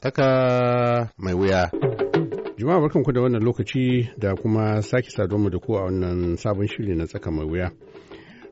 tsaka mai wuya. juma'a barkanku da wannan lokaci da kuma sake saduwa da ku a wannan sabon shiri na tsaka mai wuya.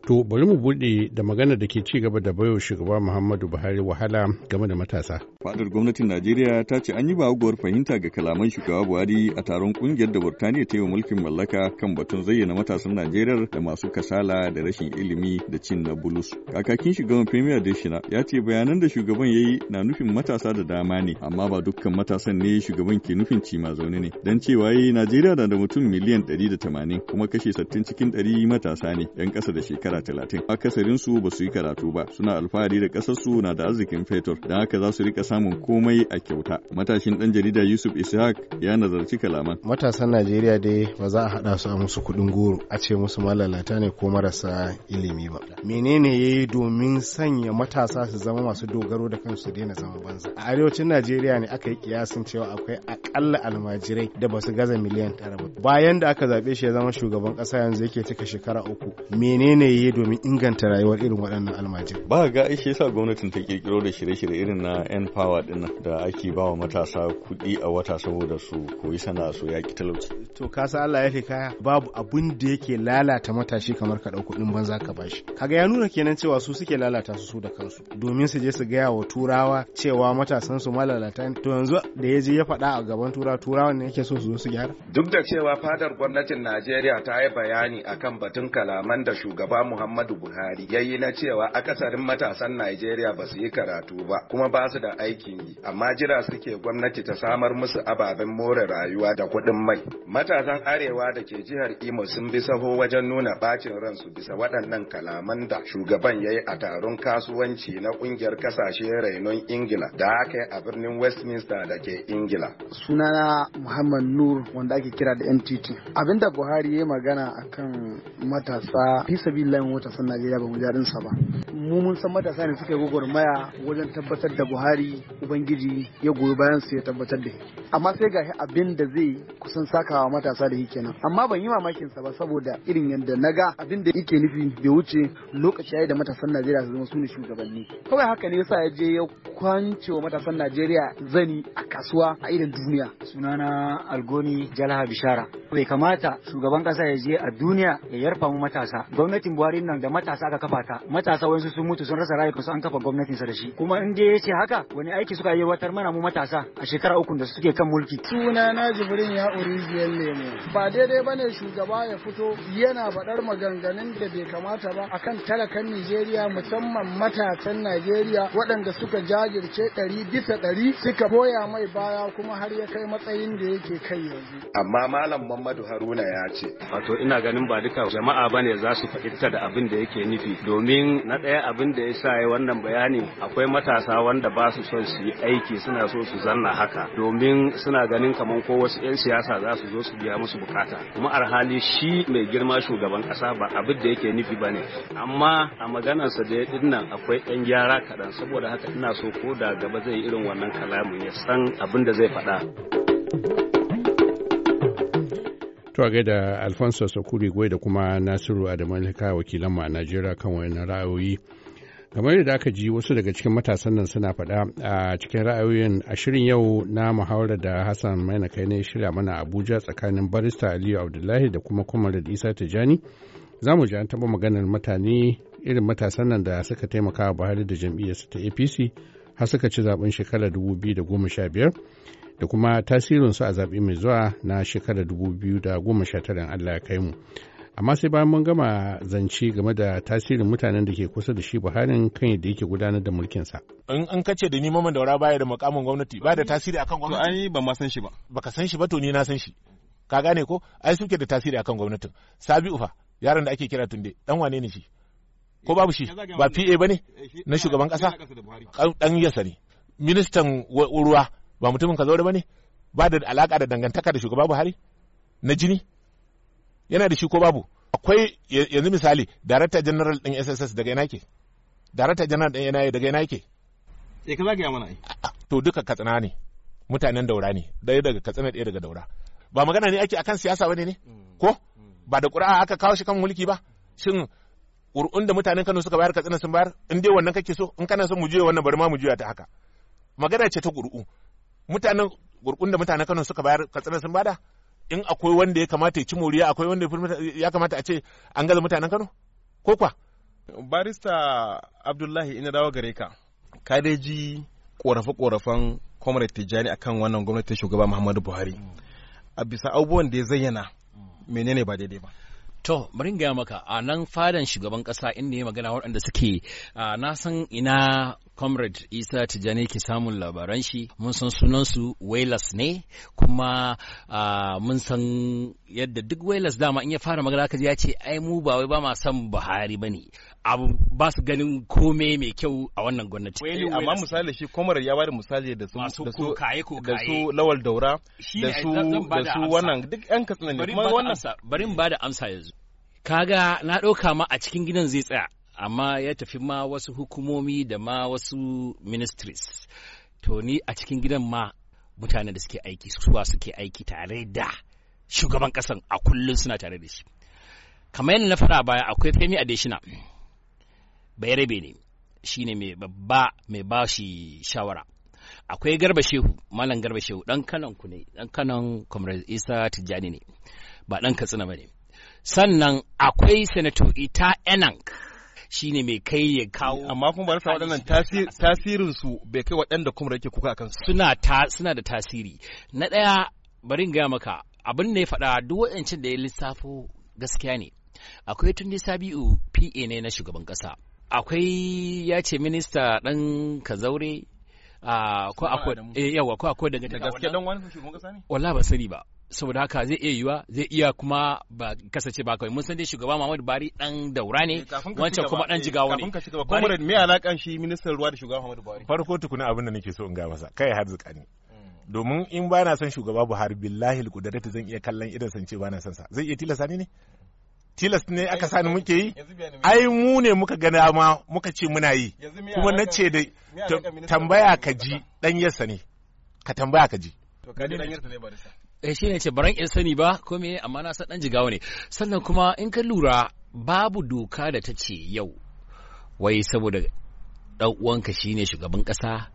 To bari mu buɗe da magana da ke ci gaba da bayo shugaba Muhammadu Buhari wahala game da matasa. Fadar gwamnatin Najeriya ta ce an yi ba baguwar fahimta ga kalaman shugaba Buhari a taron kungiyar da Burtaniya ta yi mulkin mallaka kan batun zayyana matasan Najeriya da masu kasala da rashin ilimi da cin na bulus. Kakakin shugaban Premier Deshina ya ce bayanan da shugaban ya yi na nufin matasa da dama ne amma ba dukkan matasan ne shugaban ke nufin ci ma zaune ne. Dan cewa yi Najeriya na da mutum miliyan tamanin kuma kashe 60 cikin ɗari matasa ne 'yan ƙasa da shekara shekara talatin akasarin su ba su yi karatu ba suna alfahari da ƙasar su na da arzikin fetur da haka za su rika samun komai a kyauta matashin dan jarida Yusuf Ishaq ya nazarci kalaman matasan Najeriya dai ba za a hada su a musu kuɗin goro a ce musu malalata ne ko marasa ilimi ba menene ya yi domin sanya matasa su zama masu dogaro da kansu daina zama banza a arewacin Najeriya ne aka yi kiyasin cewa akwai akalla almajirai da ba su gaza miliyan tara ba bayan da aka zaɓe shi ya zama shugaban ƙasa yanzu yake cika shekara uku menene ya yi domin inganta rayuwar irin waɗannan almajiri. Ba ga ishe sa gwamnatin ta kirkiro da shirye-shirye irin na n power din da ake bawa wa matasa kuɗi a wata saboda su koyi sana'a su yaƙi talauci. To ka san Allah ya fi kaya babu abin da yake lalata matashi kamar ka ɗau kuɗin banza ka bashi. Kaga ya nuna kenan cewa su suke lalata su su da kansu domin su je su gaya wa turawa cewa matasan su malalata to yanzu da ya je ya faɗa a gaban tura turawa ne yake so su zo su gyara. Duk da cewa fadar gwamnatin Najeriya ta yi bayani akan batun kalaman da shugaba mu Muhammadu Buhari ya yi na cewa akasarin matasan Najeriya ba su yi karatu ba kuma ba su da aikin yi amma jira suke gwamnati ta samar musu ababen more rayuwa da kuɗin mai. Matasan Arewa da ke jihar Imo sun bi saho wajen nuna bacin ransu bisa waɗannan kalaman da shugaban yayi a taron kasuwanci na ƙungiyar kasashe rainon Ingila da aka yi a birnin Westminster da ke Ingila. Sunana Muhammad Nur wanda ake kira da NTT. Abinda Buhari ya magana akan matasa fi sabila wallahi matasan Najeriya ba mu ji sa ba mu mun san matasa ne suke gwagwarmaya wajen tabbatar da Buhari ubangiji ya goyi bayan su ya tabbatar da amma sai gashi abin da zai kusan sakawa matasa da yake nan amma ban yi mamakin sa ba saboda irin yadda na ga abin da yake nufi bai wuce lokaci yi da matasan Najeriya su zama su ne shugabanni kawai haka ne yasa ya je ya kwance wa matasan Najeriya zani a kasuwa a irin duniya sunana Algoni Jalha Bishara bai kamata shugaban kasa ya je a duniya ya yarfa mu matasa gwamnatin buhari nan da matasa aka kafa ta matasa wasu sun mutu sun rasa su an kafa gwamnatin sa da shi kuma in dai ya ce haka wani aiki suka yi watar mana mu matasa a shekara uku da suke kan mulki suna na jibrin ya orijiyar ne ba daidai bane shugaba ya fito yana faɗar maganganun da bai kamata ba akan talakan Nijeriya musamman matasan Najeriya waɗanda suka jajirce ɗari bisa ɗari suka boya mai baya kuma har ya kai matsayin da yake kai yanzu amma malam Muhammadu Haruna ya ce. Wato ina ganin ba duka jama'a ba ne za su fahimta da abin da yake nufi domin na ɗaya abin da ya sa ya wannan bayani akwai matasa wanda ba su son su yi aiki suna so su zanna haka domin suna ganin kamar ko wasu 'yan siyasa za su zo su biya musu bukata. Kuma alhali shi mai girma shugaban ƙasa ba abin da yake nufi ba ne amma a maganarsa da ya dinnan akwai yan gyara kaɗan saboda haka ina so ko da gaba zai irin wannan kalamin ya san abin da zai faɗa. To a gaida Alfonso Sokuri Gwai da kuma Nasiru Adamalika wakilan mu a Najeriya kan wayannan ra'ayoyi. Kamar yadda aka ji wasu daga cikin matasan nan suna faɗa a cikin ra'ayoyin a shirin yau na muhawarar da Hassan Maina kai ne shirya mana Abuja tsakanin barista Aliyu Abdullahi da kuma da Isa Tijani. Za mu ji an taba maganar mutane irin matasan nan da suka taimaka wa Buhari da jam'iyyarsa ta APC har suka ci zaben shekarar biyar. da kuma tasirinsu a zaɓe mai zuwa na shekarar 2019 Allah ya kai mu. Amma sai bayan mun gama zance game da tasirin mutanen da ke kusa da shi Buharin kan yadda yake gudanar da mulkinsa. In an kace da ni mamman Daura baya da makamin gwamnati ba da tasiri akan gwamnati. To ai ba ma san shi ba. Baka san shi ba to ni na san shi. Ka gane ko? Ai suke da tasiri akan gwamnatin. Sabi'u ufa yaron da ake kira Tunde dan wane ne shi? Ko babu shi? Ba PA bane eh, na shugaban kasa? Dan yasa ne. Ministan ruwa ba mutumin kazaure ba ne ba da alaka da dangantaka da shugaba buhari na jini yana da shi ko babu akwai yanzu misali darakta general din sss daga ina ke darakta general din yana daga ina ke e eh, ka zagaya mana ai to duka katsina ne mutanen daura ne ɗaya daga katsina ɗaya daga daura ba magana ne ake akan siyasa bane ne mm, ko mm. ba da ƙuri'a aka kawo shi kan mulki ba shin ƙuri'un da mutanen Kano suka bayar katsina sun bayar in dai wannan kake so in kana son mu juya wannan bari ma mu juya ta haka magana ce ta ƙuri'u mutanen gurkun da mutanen Kano suka bayar katsina sun bada in akwai wanda ya kamata ya ci moriya akwai wanda ya kamata a ce an gaza mutanen Kano ko kwa barista Abdullahi ina dawo gare ka ka dai ji korafe-korafen comrade Tijjani akan wannan gwamnati shugaba Muhammadu Buhari a bisa abubuwan da ya zayyana menene ba daidai ba To, bari gaya maka a nan fadan shugaban kasa inda ya magana waɗanda suke na san ina comrade isa tijani ke samun labaran shi mun san sunansu wailas ne kuma mun san yadda duk wailas dama in ya fara magana ka ya ce ai mu ba wai ba ma san buhari ba ne abu ba su ganin kome mai kyau a wannan gwamnati amma misali shi comrade ya bada misali da su da su da su lawal daura da su da su wannan duk yan katsina ne kuma wannan bari in eh. bada amsa yanzu kaga na ɗauka ma a cikin gidan zai tsaya amma ya tafi ma wasu hukumomi da ma wasu ministries to ni a cikin gidan ma mutane da suke aiki suwa suke aiki tare da shugaban kasan a kullum suna tare da shi kamar yadda na fara baya akwai femi adeshina bayarabe ne ne mai babba mai ba shi shawara akwai garba shehu malam garba shehu dan kanan ku ne dan kanan comrade isa tijjani ne ba dan katsina ba ne sannan akwai senator ita enank Shi ne mai kai ya kawo amma kuma bar waɗannan tasirin su bai kai waɗanda kuma yake kuka akan suna ta suna da tasiri na ɗaya bari in gaya maka abin da ya faɗa duk waɗancan da ya lissafo gaskiya ne akwai tun tunde sabi'u pa ne na shugaban ƙasa akwai ya ce minista ɗan kazaure ah, ko akwai eh, yawa ko akwai daga gaske dan wani shugaban ƙasa ne wallahi ba sani ba saboda haka zai iya yiwa zai iya kuma ba kasance ba kawai mun san dai shugaba Muhammadu Buhari dan daura ne eh, wancan kuma dan eh, jigawa ne kafin me alakan shi ministan ruwa da shugaba Muhammadu Buhari farko tukuna abin da nake so in ga masa kai har ne mm. domin in ba na son shugaba Buhari billahi alqudrati zan iya kallon idan san ce ba na son sa zai iya tilasa ne ne tilas ne aka sani muke yi ai mu ne muka gana ma muka ce muna yi kuma na ce da tambaya ka ji dan yarsa ne ka tambaya ka ji eh shi ne ce baran in sani ba ko me amma na san dan jigawa ne sannan kuma in ka lura babu doka da ta ce yau wai saboda dan uwanka shine shugaban kasa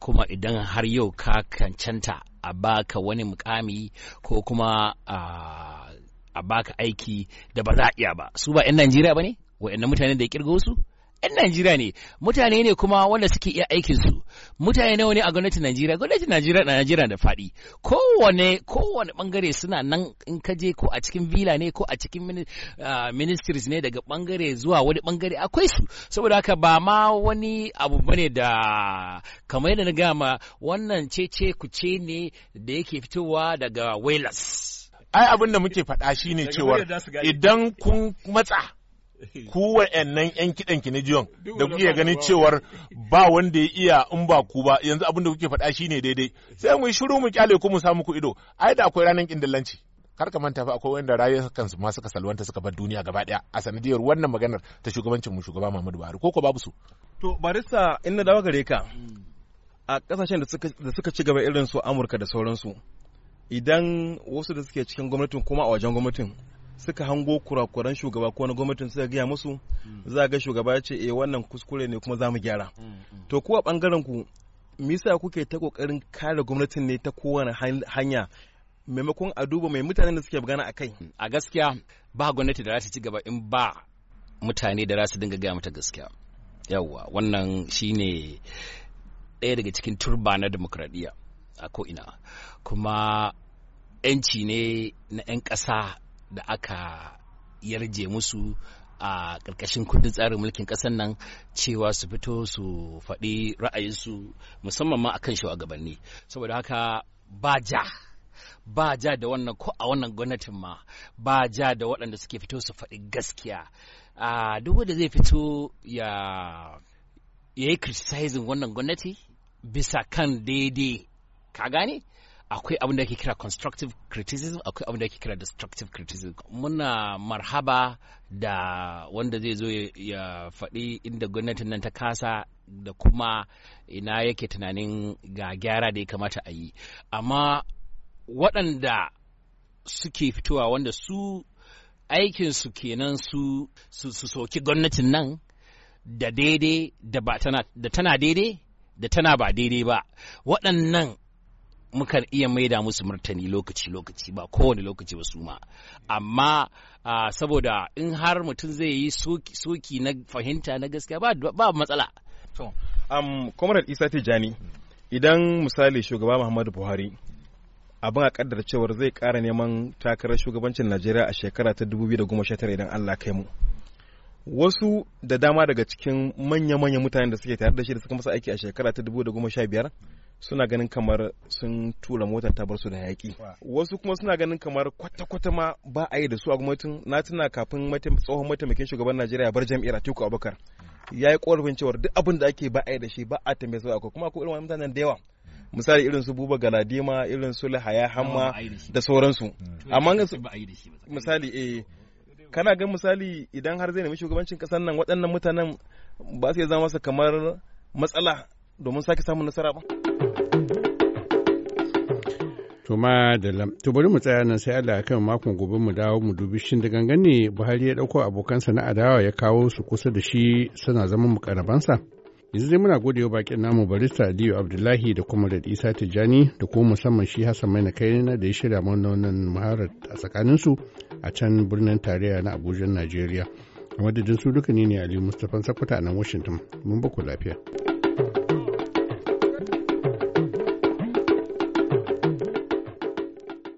kuma idan har yau ka kancanta a baka wani mukami ko kuma a baka aiki da ba za a iya ba su ba 'yan Najeriya ba ne wa'annan mutanen da ya kirgo su 'yan Najeriya ne mutane ne kuma wanda suke iya aikin su mutane nawa ne a gwamnatin Najeriya gwamnatin Najeriya na Najeriya da faɗi kowane kowane bangare suna nan in ka je ko a cikin villa ne ko a cikin ah, ministries ne daga bangare zuwa wani bangare akwai su saboda haka ba ma wani abu bane da kamar yadda na gama wannan cece kuce ne da yake fitowa daga Wales ai abin da muke faɗa shine cewa idan kun matsa ku wa'annan yan kiɗan ki na jiyon da kuke ganin cewar ba wanda ya iya in ba ku ba yanzu abin da kuke faɗa shine daidai sai mu shiru mu kyale ku mu samu ku ido ai da akwai ranar kindallanci kar ka manta fa akwai wanda kansu ma suka salwanta suka bar duniya gaba ɗaya a sanadiyar wannan maganar ta shugabancin mu shugaba Muhammadu Buhari ko babu su to barista in na dawo gare ka a kasashen da suka ci gaba irin su Amurka da sauransu idan wasu da suke cikin gwamnatin kuma a wajen gwamnatin suka hango kurakuran shugaba ko na gwamnatin suka gaya musu mm. za ga shugaba ce eh wannan kuskure ne kuma za mu gyara mm, mm. to kuwa bangaren ku misa kuke ta kokarin kare gwamnatin ne ta kowane hanya maimakon a duba mai mutanen da suke magana a kai a gaskiya ba gwamnati da za ta ci gaba in ba mutane da za su dinga gaya mata gaskiya yawwa wannan shine ɗaya daga cikin turba na demokradiyya a ko'ina kuma 'yanci ne na 'yan ƙasa da aka yarje musu a ƙarƙashin kundin tsarin mulkin ƙasar nan cewa su fito su faɗi ra'ayinsu musamman ma akan shugabanni saboda haka ba ja ba ja da wannan ko a wannan gwamnatin ma ba ja da waɗanda suke fito su faɗi gaskiya duk wanda zai fito ya ya yi criticizing wannan gwamnati bisa kan daidai ka gane akwai abin da ake kira constructive criticism akwai abin da ake kira destructive criticism muna marhaba da wanda zai zo ya faɗi inda gwamnatin nan ta kasa da kuma ina yake tunanin ga gyara da ya kamata a yi amma waɗanda suke fitowa wanda su aikinsu kenan su su soki gwamnatin nan da daidai da tana daidai da tana ba daidai ba waɗannan mukan iya maida musu martani lokaci-lokaci ba kowane lokaci ba su ma amma saboda in har mutum zai yi soki na fahimta na gaskiya ba ba matsala to comrade isa tijani idan misali shugaba muhammadu buhari abin a kaddar cewar zai kara neman takarar shugabancin najeriya a shekara ta 2019 idan allah kai mu wasu da dama daga cikin manya manya mutane da suke tare da shi da suka masa aiki a shekara ta 2015 suna ganin kamar sun tura motar ta bar su da yaƙi wasu kuma suna ganin kamar kwata-kwata ma ba a yi da su a gwamnatin na tuna kafin tsohon mataimakin shugaban najeriya bar jam'iyyar atiku abubakar ya yi ƙorafin cewar duk abin da ake ba a yi da shi ba a tambaye su akwai kuma akwai irin wani mutanen da yawa misali irin su buba galadima irin su lahaya hamma da sauransu mm. amma misali eh kana ga misali idan har zai nemi shugabancin kasar nan waɗannan mutanen ba su iya zama masa kamar matsala domin sake samun nasara ba. To ma da lam. To bari mu tsaya nan sai Allah kan makon gobe mu dawo mu dubi shin da ne Buhari ya dauko abokansa na adawa ya kawo su kusa da shi suna mu karabansa Yanzu dai muna godewa bakin namu barista Aliyu Abdullahi da kuma da Isa Tijjani da kuma musamman shi Hassan Mai na kaina da ya shirya mana wannan muharar a tsakanin su a can birnin tarayya na Abuja Najeriya. A madadin duka ne ne Ali Mustapha Sakwata a nan Washington. Mun ba lafiya.